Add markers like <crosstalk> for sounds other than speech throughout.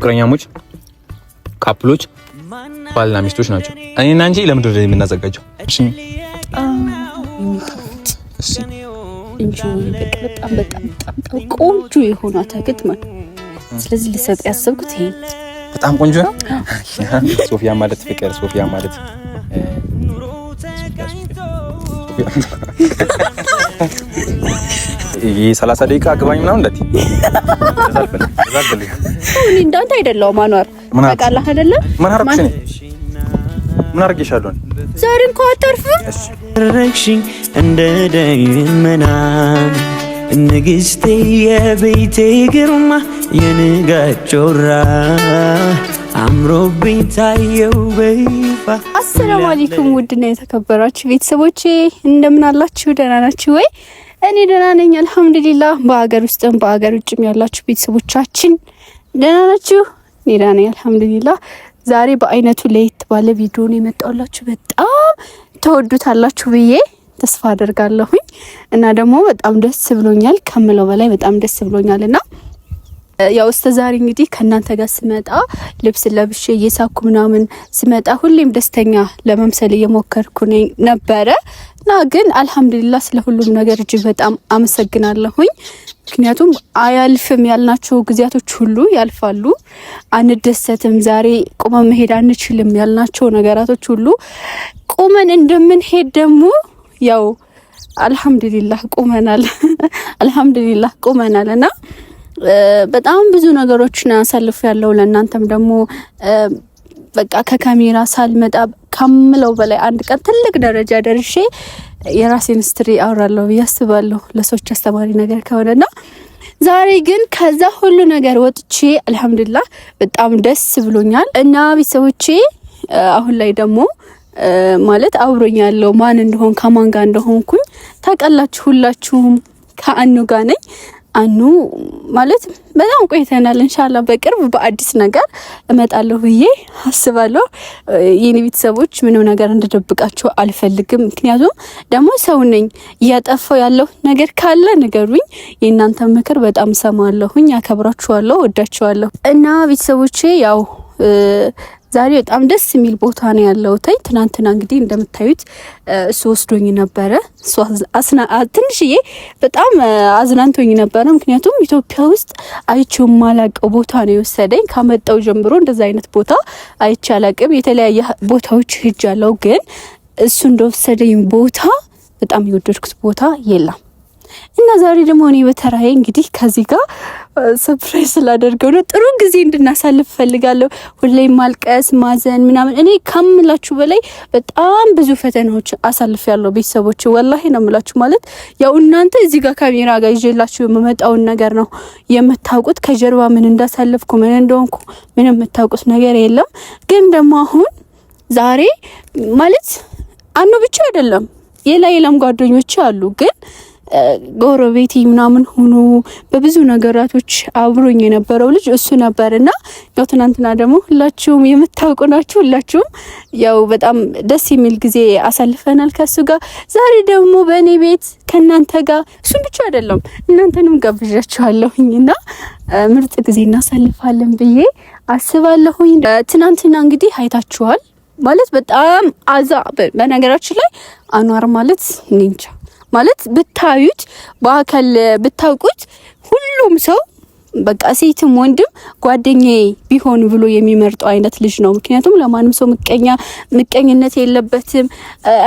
ፍቅረኛሞች ካፕሎች ባልና ሚስቶች ናቸው። እኔና እንጂ ለምድር ነው የምናዘጋጀው? በጣም በጣም ቆንጆ የሆነ አታክልት ማለት ስለዚህ ልሰጥ ያሰብኩት ይሄ በጣም ቆንጆ ነው። ሶፊያ ማለት ፍቅር፣ ሶፊያ ማለት የሰላሳ ደቂቃ አግባኝ ምናምን እንደት እኔ እንዳንተ አይደለሁም። አኗር ታውቃለህ አይደለ? ምን አደረግሽ? ምን አደረግሻለሁ? ዛሬ እንኳን አታርፍም። ረግሽኝ እንደ ደመና ንግስቴ፣ የቤቴ ግርማ፣ የንጋት ጮራ አምሮብኝ ታየው በይፋ። አሰላሙ አለይኩም ውድና የተከበራችሁ ቤተሰቦቼ እንደምን አላችሁ? ደህና ናችሁ ወይ? እኔ ደህና ነኝ አልሐምዱሊላህ። በሀገር ውስጥም በሀገር ውጭም ያላችሁ ቤተሰቦቻችን ደህና ናችሁ? እኔ ደህና ነኝ አልሐምዱሊላህ። ዛሬ በአይነቱ ለየት ባለ ቪዲዮ ነው የመጣሁላችሁ። በጣም ተወዱታላችሁ ብዬ ተስፋ አደርጋለሁኝ እና ደግሞ በጣም ደስ ብሎኛል ከምለው በላይ በጣም ደስ ብሎኛል እና ያው እስከ ዛሬ እንግዲህ ከእናንተ ጋር ስመጣ ልብስ ለብሼ እየሳኩ ምናምን ስመጣ ሁሌም ደስተኛ ለመምሰል እየሞከርኩ ነበረ እና ግን አልሐምዱሊላ ስለ ሁሉም ነገር እጅግ በጣም አመሰግናለሁኝ። ምክንያቱም አያልፍም ያልናቸው ጊዜያቶች ሁሉ ያልፋሉ። አንደሰትም፣ ዛሬ ቁመን መሄድ አንችልም ያልናቸው ነገራቶች ሁሉ ቁመን እንደምንሄድ ደግሞ ያው አልሐምዱሊላህ ቁመናል። <laughs> አልሐምዱሊላህ ቁመናል እና በጣም ብዙ ነገሮችን አሳልፍ ያለው ለእናንተም ደግሞ በቃ ከካሜራ ሳልመጣ ከምለው በላይ አንድ ቀን ትልቅ ደረጃ ደርሼ የራሴን ስትሪ አውራለሁ ብዬ አስባለሁ። ለሰዎች አስተማሪ ነገር ነው። ዛሬ ግን ከዛ ሁሉ ነገር ወጥቼ አልሐምዱላ በጣም ደስ ብሎኛል። እና ቤተሰቦቼ አሁን ላይ ደግሞ ማለት አብሮኝ ያለው ማን እንደሆን ከማን ጋር እንደሆንኩኝ ታውቃላችሁ ሁላችሁም ከአኑ ጋር ነኝ። አኑ ማለት በጣም ቆይተናል። እንሻላ በቅርብ በአዲስ ነገር እመጣለሁ ብዬ አስባለሁ። የኔ ቤተሰቦች ምንም ነገር እንድደብቃቸው አልፈልግም። ምክንያቱም ደግሞ ሰው ነኝ። እያጠፋው ያለው ነገር ካለ ንገሩኝ። የእናንተ ምክር በጣም ሰማለሁኝ። አከብራችኋለሁ፣ ወዳችኋለሁ እና ቤተሰቦቼ ያው ዛሬ በጣም ደስ የሚል ቦታ ነው ያለው። ተይ ትናንትና እንግዲህ እንደምታዩት እሱ ወስዶኝ ነበረ። እሱ ትንሽዬ በጣም አዝናንቶኝ ነበረ። ምክንያቱም ኢትዮጵያ ውስጥ አይቼው የማላቀው ቦታ ነው የወሰደኝ። ካመጣው ጀምሮ እንደዛ አይነት ቦታ አይቼ አላቅም። የተለያየ ቦታዎች ሄጃለሁ፣ ግን እሱ እንደወሰደኝ ቦታ በጣም የወደድኩት ቦታ የለም። እና ዛሬ ደግሞ እኔ በተራዬ እንግዲህ ከዚህ ጋር ሰፕራይዝ ስላደርገው ነው ጥሩ ጊዜ እንድናሳልፍ ፈልጋለሁ። ሁሌም ማልቀስ፣ ማዘን ምናምን እኔ ከምላችሁ በላይ በጣም ብዙ ፈተናዎች አሳልፍ ያለው ቤተሰቦች ወላሂ ነው የምላችሁ። ማለት ያው እናንተ እዚህ ጋር ካሜራ ጋር ይዤላችሁ የምመጣውን ነገር ነው የምታውቁት። ከጀርባ ምን እንዳሳልፍኩ ምን እንደሆንኩ ምን የምታውቁት ነገር የለም። ግን ደግሞ አሁን ዛሬ ማለት አኑ ብቻ አይደለም፣ የላይ ለም ጓደኞች አሉ ግን ጎረቤቴ ምናምን ሆኖ በብዙ ነገራቶች አብሮኝ የነበረው ልጅ እሱ ነበር እና ያው ትናንትና ደግሞ ሁላችሁም የምታውቁ ናችሁ። ሁላችሁም ያው በጣም ደስ የሚል ጊዜ አሳልፈናል ከሱ ጋር። ዛሬ ደግሞ በእኔ ቤት ከእናንተ ጋር እሱን ብቻ አይደለም እናንተንም ጋብዣችኋለሁኝ እና ምርጥ ጊዜ እናሳልፋለን ብዬ አስባለሁኝ። ትናንትና እንግዲህ አይታችኋል ማለት በጣም አዛ በነገራችን ላይ አኗር ማለት እንጃ ማለት ብታዩት፣ በአካል ብታውቁት ሁሉም ሰው በቃ ሴትም ወንድም ጓደኛዬ ቢሆን ብሎ የሚመርጠው አይነት ልጅ ነው። ምክንያቱም ለማንም ሰው ምቀኛ ምቀኝነት የለበትም።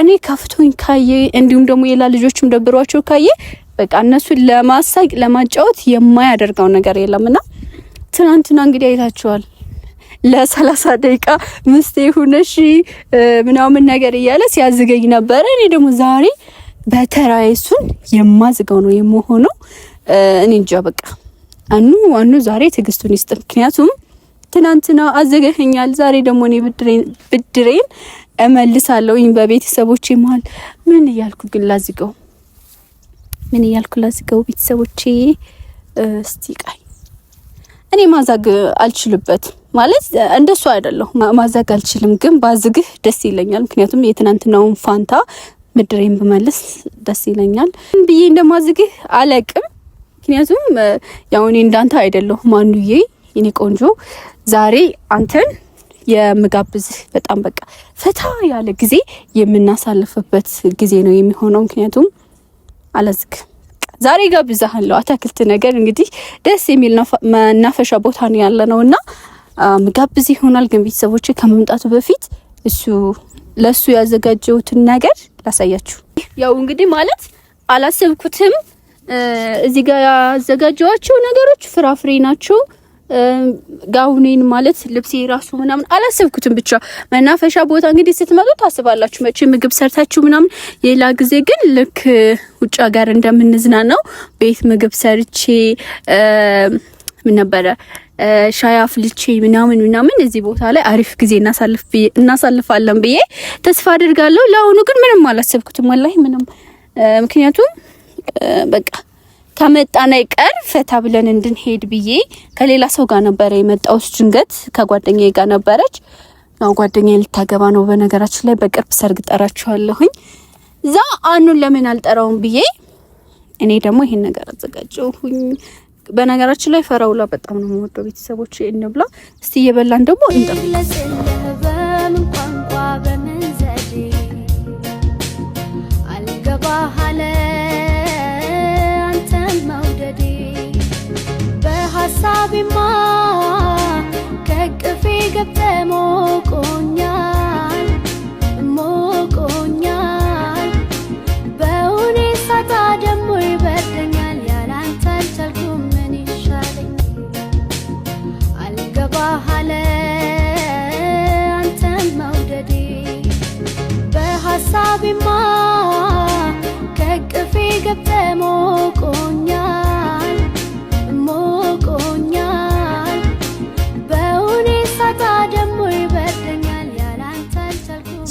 እኔ ከፍቶኝ ካየ እንዲሁም ደግሞ ሌላ ልጆችም ደብሯቸው ካየ በቃ እነሱን ለማሳቅ ለማጫወት የማያደርገው ነገር የለም እና ትናንትና እንግዲህ አይታችኋል። ለሰላሳ ደቂቃ ምስቴ ሁነሽ ምናምን ነገር እያለ ሲያዝገኝ ነበረ። እኔ ደግሞ ዛሬ በተራዬ እሱን የማዝጋው ነው የምሆነው። እኔ እንጃ በቃ አኑ አኑ ዛሬ ትዕግስቱን ይስጥ። ምክንያቱም ትናንትና አዘገኸኛል፣ ዛሬ ደግሞ እኔ ብድሬን እመልሳለሁኝ በቤተሰቦቼ መሀል። ምን እያልኩ ግን ላዝገው? ምን እያልኩ ላዝገው? ቤተሰቦቼ እስቲ ቃይ እኔ ማዛግ አልችልበት ማለት እንደሱ አይደለሁ፣ ማዛግ አልችልም። ግን ባዝግህ ደስ ይለኛል። ምክንያቱም የትናንትናውን ፋንታ ብድሬን ብመልስ ደስ ይለኛል ብዬ እንደማዝግህ አለቅም። ምክንያቱም ያው እኔ እንዳንተ አይደለሁ ማንዬ፣ የኔ ቆንጆ ዛሬ አንተን የምጋብዝህ በጣም በቃ ፈታ ያለ ጊዜ የምናሳልፍበት ጊዜ ነው የሚሆነው። ምክንያቱም አለዝግ ዛሬ ጋብዛሃለሁ። አታክልት ነገር እንግዲህ ደስ የሚል መናፈሻ ቦታ ነው ያለ ነው እና ምጋብዝ ይሆናል። ግን ቤተሰቦች ከመምጣቱ በፊት እሱ ለእሱ ያዘጋጀሁትን ነገር ላሳያችሁ። ያው እንግዲህ ማለት አላሰብኩትም። እዚህ ጋር ያዘጋጀዋቸው ነገሮች ፍራፍሬ ናቸው። ጋውኔን ማለት ልብሴ ራሱ ምናምን አላሰብኩትም። ብቻ መናፈሻ ቦታ እንግዲህ ስትመጡ ታስባላችሁ መቼ ምግብ ሰርታችሁ ምናምን። ሌላ ጊዜ ግን ልክ ውጭ ሀገር እንደምንዝናናው ቤት ምግብ ሰርቼ ምን ነበረ ሻይ አፍልቼ ምናምን ምናምን እዚህ ቦታ ላይ አሪፍ ጊዜ እናሳልፋለን ብዬ ተስፋ አድርጋለሁ። ለአሁኑ ግን ምንም አላሰብኩትም፣ ወላሂ ምንም። ምክንያቱም በቃ ከመጣን አይቀር ፈታ ብለን እንድንሄድ ብዬ ከሌላ ሰው ጋር ነበረ የመጣው ድንገት ከጓደኛዬ ጋር ነበረች። ያው ጓደኛዬ ልታገባ ነው። በነገራችን ላይ በቅርብ ሰርግ ጠራችኋለሁኝ። እዛ አኑን ለምን አልጠራውም ብዬ እኔ ደግሞ ይሄን ነገር አዘጋጀሁኝ። በነገራችን ላይ ፈራውላ በጣም ነው የምወደው። ቤተሰቦች እንብላ እስቲ፣ እየበላን ደግሞ እንጠብ። ሀሳቤማ ከቅፌ ገብተ ሞቆኛ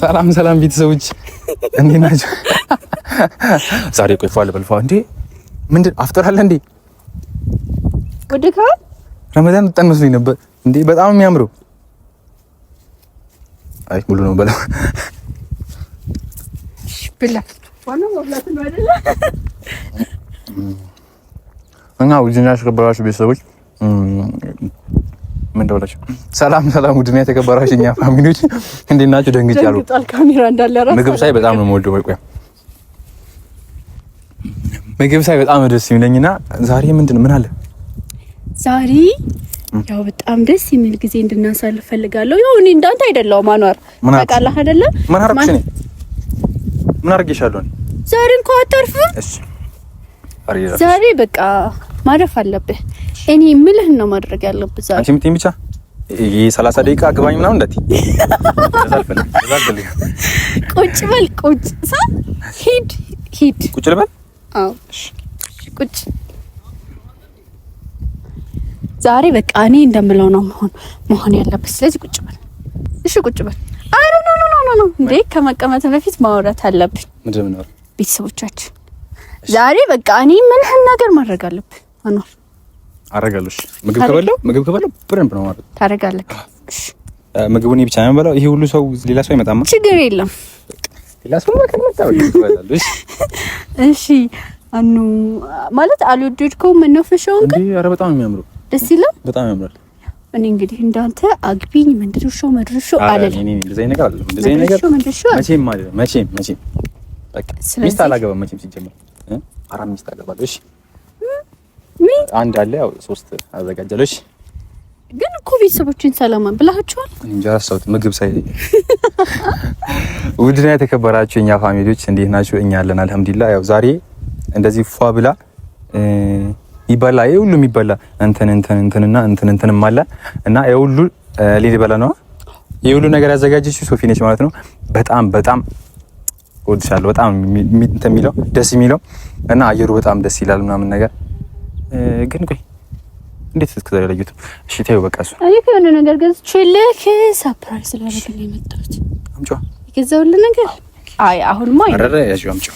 ሰላም ሰላም ቤተሰቦች እንዴት ናቸው? ዛሬ ቆይፏል በልፋ እንዴ ምንድን አለ እንዴ ወድካ ረመዳን ወጣን መስሎኝ ነበር። እንዴ በጣም የሚያምረው አይ ሙሉ ነው በለው ብላ እና ውድና ያስከበራችሁ ቤተሰቦች ምን ሰላም ሰላም፣ ውድና የተከበራችሁ እኛ ፋሚሊዎች እንዴት ናችሁ? ደንግጫለሁ። ካሜራ እንዳለ ምግብ ሳይ በጣም ነው የምወደው። ቆይ ምግብ ሳይ በጣም ደስ የሚለኝና ዛሬ ምንድን ምን አለ ዛሬ ያው በጣም ደስ የሚል ጊዜ እንድናሳልፍ ፈልጋለሁ። ያው እኔ እንዳንተ አይደለሁም ማኗር ታውቃለህ አይደለ? ምን አርግሽ ነኝ ምን አርግሻለሁ? ዛሬ እንኳን አታርፍም። እሺ ዛሬ በቃ ማረፍ አለብህ። እኔ የምልህን ነው ማድረግ ያለብህ። አንቺ የምትይኝ ብቻ የሰላሳ ደቂቃ አግባኝ ምናምን እንዳትይ። ቁጭ በል ቁጭ ሳ ሂድ ሂድ ቁጭ ልበል። አዎ ቁጭ ዛሬ በቃ እኔ እንደምለው ነው መሆን መሆን ያለበት። ስለዚህ ቁጭ በል እሺ፣ ቁጭ በል። አይ ኖ ኖ ኖ ኖ እንዴ ከመቀመጥ በፊት ማውራት አለብን። ምንድን ነው ቤተሰቦቻችን ዛሬ በቃ እኔ ምንህን ነገር ማድረግ አለብን አኗር አረጋለሽ ምግብ ከበላው ምግብ ከበላው በደንብ ነው ማለት ታረጋለህ። ምግቡን እኔ ብቻ ነው የምበላው። ይሄ ሁሉ ሰው ሌላ ሰው አይመጣማ። ችግር የለም። ሌላ ሰው እሺ። አኑ ማለት አልወደድከውም መናፈሻውን ግን? አረ በጣም የሚያምሩ ደስ ይላል። በጣም ያምራል። እኔ እንግዲህ እንዳንተ አግቢኝ ምንድርሾ መድርሾ አለል እኔ እንደዚህ ነገር አለ እንደዚህ ነገር መቼም ማለት መቼም መቼም በቃ ሚስት አላገባም መቼም ሲጀምር አራ ሚስት አገባለሁ። እሺ አንድ አለ ያው ሶስት አዘጋጀለሽ። ግን እኮ ቤተሰቦችን ሰላም ብላችኋል። እንጃ ሰውት ምግብ ሳይ <laughs> ውድና የተከበራችሁ እኛ ፋሚሊዎች እንዴት ናችሁ? እኛ አለን አልሐምዱሊላህ። ያው ዛሬ እንደዚህ ፏ ብላ ይበላ የሁሉም ይበላ እንትን እንትን እንትንና እንትን እንትን አለ እና የሁሉ ሊበላ ነው የሁሉ ነገር ያዘጋጀችው ሶፊ ነች ማለት ነው። በጣም በጣም እወድሻለሁ። በጣም እንትን የሚለው ደስ የሚለው እና አየሩ በጣም ደስ ይላል ምናምን ነገር ግን ቆይ እንዴት እስከ ዛሬ አላየሁትም። እሺ ተይው በቃ እሱ አይ ከሆነ ነገር ገዝቼ ልክ ሰርፕራይዝ ላደርግ ነው የመጣሁት። አምጪዋ የገዛሁልህ ነገር። አይ አሁን አይደለም። አረረ ያዥው አምጪዋ።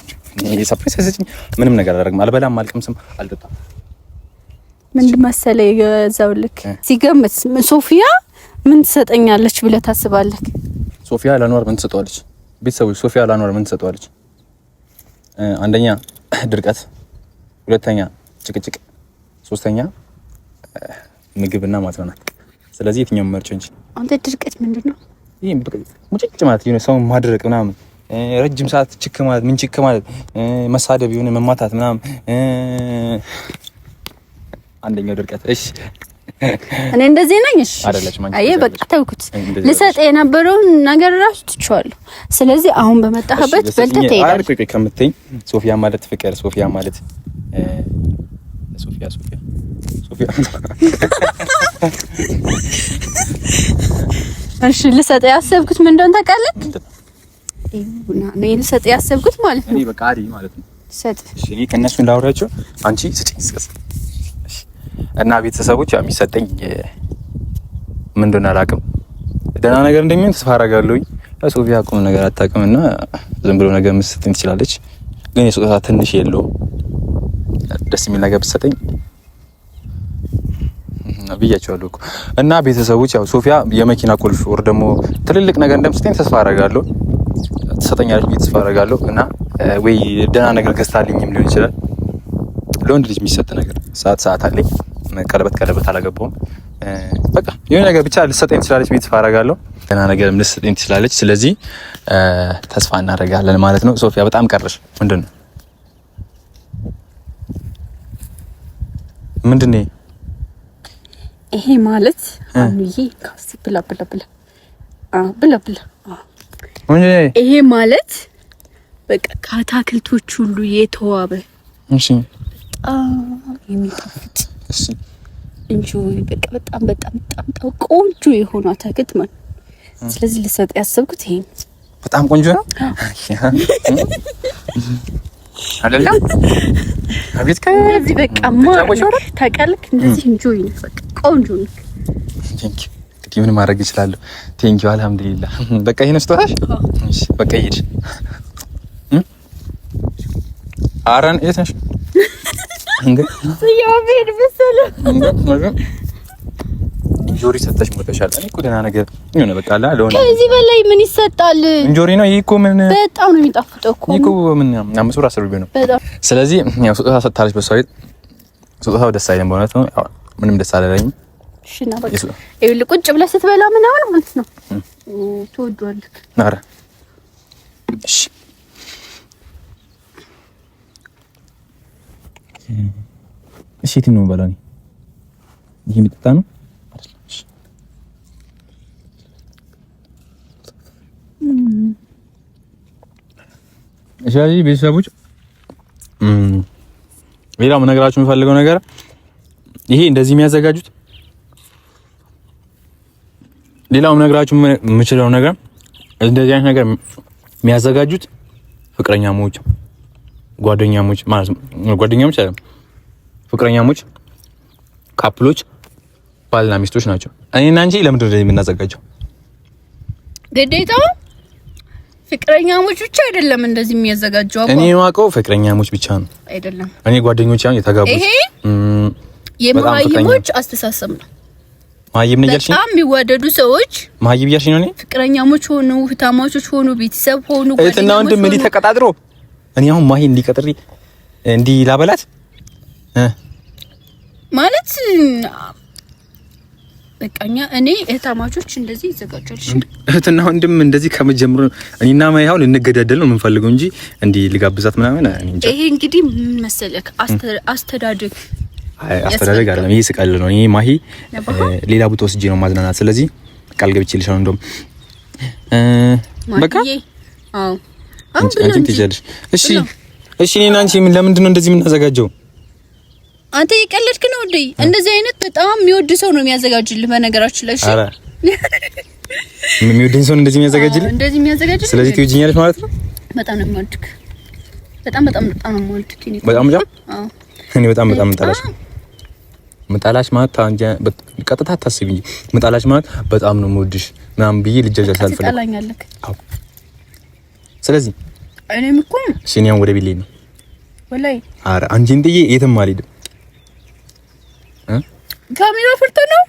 እኔ ሰርፕራይዝ አይሰጭኝ ምንም ነገር አላደርግም። አልበላም፣ አልቀምስም፣ አልጠጣም። ምንድን መሰለህ የገዛሁልህ ሲገምት ሶፊያ ምን ትሰጠኛለች ብለህ ታስባለህ? ሶፊያ ለአንዋር ምን ትሰጠዋለች? ቤተሰቦች ሶፊያ ለአንዋር ምን ትሰጠዋለች? አንደኛ ድርቀት፣ ሁለተኛ ጭቅጭቅ ሶስተኛ ምግብና ማጥናናት። ስለዚህ የትኛውን መርጨ እንጂ አንተ ድርቀት ምንድን ነው? ይህ ሙጭጭ ማለት የሆነ ሰው ማድረቅ ምናምን ረጅም ሰዓት ችክ ማለት ምን ችክ ማለት መሳደብ የሆነ መማታት ምናምን አንደኛው ድርቀት። እሺ እኔ እንደዚህ ነኝ። እሺ አይ በቃ ተውኩት። ልሰጥ የነበረውን ነገር ራሱ ትቼዋለሁ። ስለዚህ አሁን በመጣህበት በልተህ ትሄዳለህ። ከምትይኝ ሶፊያ ማለት ፍቅር፣ ሶፊያ ማለት ሶፊያ ሶፊያ ሶፊያ። እሺ ልሰጥ ያሰብኩት ምን እንደሆነ ታውቃለህ? ቡና ነው ያሰብኩት ማለት ነው። በቃ አሪ ማለት ነው ሰጥ። እሺ እኔ ከእነሱ እንዳወራቸው አንቺ ስጪኝ ስቀስ እና ቤተሰቦች የሚሰጠኝ ምን እንደሆነ አላውቅም። ደህና ነገር እንደሚሆን ተስፋ አደርጋለሁኝ። ሶፊያ ቁም ነገር አታውቅም እና ዝም ብሎ ነገር የምትሰጠኝ ትችላለች፣ ግን የስጦታ ትንሽ የለውም ደስ የሚል ነገር ብትሰጠኝ ብያቸዋለሁ እኮ እና ቤተሰቦች፣ ያው ሶፊያ የመኪና ቁልፍ ወር ደግሞ ትልልቅ ነገር እንደምትሰጠኝ ተስፋ አደርጋለሁ። ትሰጠኛለች ብዬ ተስፋ አደርጋለሁ። እና ወይ ደህና ነገር ገዝታልኝም ሊሆን ይችላል። ለወንድ ልጅ የሚሰጥ ነገር ሰዓት ሰዓት አለኝ። ቀለበት ቀለበት አላገባውም። በቃ የሆነ ነገር ብቻ ልሰጠኝ ትችላለች ብዬ ተስፋ አደርጋለሁ። ደህና ነገር ልሰጠኝ ትችላለች። ስለዚህ ተስፋ እናደርጋለን ማለት ነው። ሶፊያ በጣም ቀረሽ ምንድን ነው ምንድን ይሄ ማለት? አኑዬ ካስ ብላ ብላ ብላ ብላ ብላ ይሄ ማለት በቃ ከአትክልቶች ሁሉ የተዋበ እሺ፣ በጣም የሚጣፍጥ እሺ፣ እንጂ በቃ በጣም በጣም በጣም ቆንጆ የሆነ አትክልት ማለት ስለዚህ ልሰጥ ያሰብኩት ይሄን በጣም ቆንጆ ነው። አይደለም ምን ማድረግ እችላለሁ? ቴንክ ዩ አልሐምዱሊላህ። <laughs> በቃ ይሄን ስጦታሽ እሺ፣ በቃ ይሄድ አረን የት ነሽ <laughs> እንዴ? ሰያው ቤት መሰለህ እንጆሪ ሰጠሽ ሞተሻል። እኔ እኮ ደህና ነገር የሆነ በቃ አለ ለሆነ ከዚህ በላይ ምን ይሰጣል? እንጆሪ ነው ይሄ እኮ ምን በጣም ነው የሚጣፍጠው እኮ ይሄ እኮ ምን አምስት ብር አስር ብር ነው። ስለዚህ ያው ስጦታ ሰጥታለች። በሷ ቤት ስጦታው ደስ አይልም በእውነት ነው። ምንም ደስ አላለኝም። እሺ በቃ ይኸውልህ ቁጭ ብለህ ስትበላ ምናምን ማለት ነው ትወዷለህ። ኧረ እሺ እሺ የትኛውን በላ ነው ይሄ የሚጠጣ ነው ስለዚህ ቤተሰቦች ሌላ መነግራችሁ የምፈልገው ነገር ይሄ እንደዚህ የሚያዘጋጁት ሌላው መነግራችሁ የምችለው ነገር እንደዚህ አይነት ነገር የሚያዘጋጁት ፍቅረኛሞች፣ ጓደኛሞች ማለት ነው። ጓደኛሞች ፍቅረኛሞች፣ ካፕሎች፣ ባልና ሚስቶች ናቸው። እኔና አንቺ ለምንድን ነው የምናዘጋጀው ግዴታው ፍቅረኛሞች ብቻ አይደለም እንደዚህ የሚያዘጋጀው። እኔ የማውቀው ፍቅረኛሞች ብቻ ነው አይደለም። እኔ ጓደኞች አሁን የተጋቡት ይሄ የመሀይሞች አስተሳሰብ ነው። መሀይም ነው ያልሽኝ? በጣም የሚዋደዱ ሰዎች መሀይም ያልሽኝ ነው። እኔ ፍቅረኛሞች ሆኑ፣ ህታማቾች ሆኑ፣ ቤተሰብ ሆኑ፣ እህትና ወንድም እንዲህ ተቀጣጥሮ እኔ አሁን ማይ እንዲቀጥሪ እንዲህ ላበላት ማለት በቃኛ እኔ እህታማቾች እንደዚህ ይዘጋጃል። እህትና ወንድም እንደዚህ ከመጀመሩ እኔና ማይሆን እንገዳደል ነው የምንፈልገው እንጂ እንዲህ ልጋብዛት ምናምን እንጂ ይሄ እንግዲህ ምን መሰለክ አስተዳደግ አስተዳደግ አይደለም። ይሄ ስቀል ነው። ይሄ ማሂ ሌላ ቦታ ወስጄ ነው ማዝናናት። ስለዚህ ቃል ገብቼልሽ ነው እንደውም በቃ አዎ አሁን ብለን እሺ፣ እሺ እኔና አንቺ ለምንድን ነው እንደዚህ የምናዘጋጀው? አንተ የቀለድክ ነው እንዴ? እንደዚህ አይነት በጣም የሚወድ ሰው ነው የሚያዘጋጅልህ። በነገራችን ላይ እሺ፣ የሚወድን ሰው እንደዚህ የሚያዘጋጅልህ እንደዚህ የሚያዘጋጅልህ። ስለዚህ ትወጂኛለሽ ማለት ነው። በጣም ነው የምወድክ። በጣም በጣም በጣም ነው የምወድክ። እኔ በጣም በጣም አዎ፣ እኔ በጣም በጣም የምጠላሽ ምጣላሽ ማለት አንጀ ቀጥታ አታስቢ እንጂ ምጣላሽ ማለት በጣም ነው የምወድሽ ምናምን ብዬ ልጃጃል ሳልፈልግ ትጣላኛለህ። አዎ ስለዚህ እኔም እኮ እሺ፣ እኔ ወደ ቤት ልሄድ ነው ወላይ። ኧረ አንቺን ጥዬ የትም አልሄድም። ካሜራ ፈርተ ነው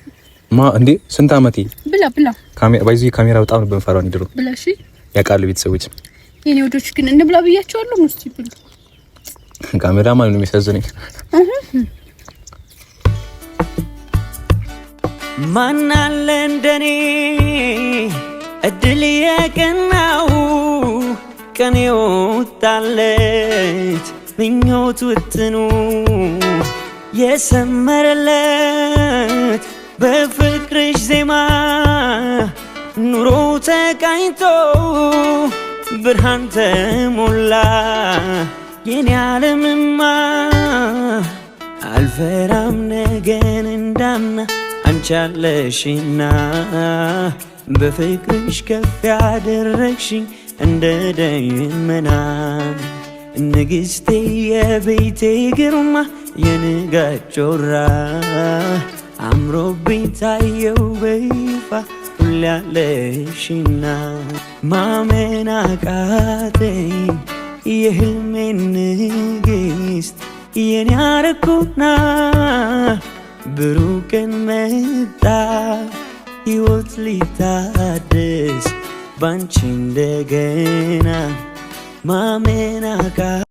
ማ እንዴ ስንት አመቴ ብላ ብላ ካሜራ ባይዚ ካሜራ በጣም ነበር ፈራው ነው ድሮ ብላ እሺ ያውቃል ቤተሰቦች የኔ ወዶች ግን እንብላ ብያቸዋለሁ ሙስቲ ብሉ ካሜራ ማን ነው የሚያሳዝነኝ አለ እንደኔ እድል የቀናው ቀኔው ታለች ምኞት ውጥኑ የሰመረለት በፍቅርሽ ዜማ ኑሮ ተቃኝቶ ብርሃን ተሞላ የኔ ዓለምማ አልፈራም ነገን እንዳምና አንቻለሽና በፍቅርሽ ከፍ ያደረግሽኝ እንደ ደመና ንግሥቴ የቤቴ ግርማ የንጋጮራ ጮራ አምሮብኝ ታየው በይፋ ሁሌ አለሽና ማመን አቃተኝ የሕልሜን ንግሥት የኔ አረኩና ብሩህ መጣ ሕይወት ሊታደስ ባንቺ እንደገና mamena ka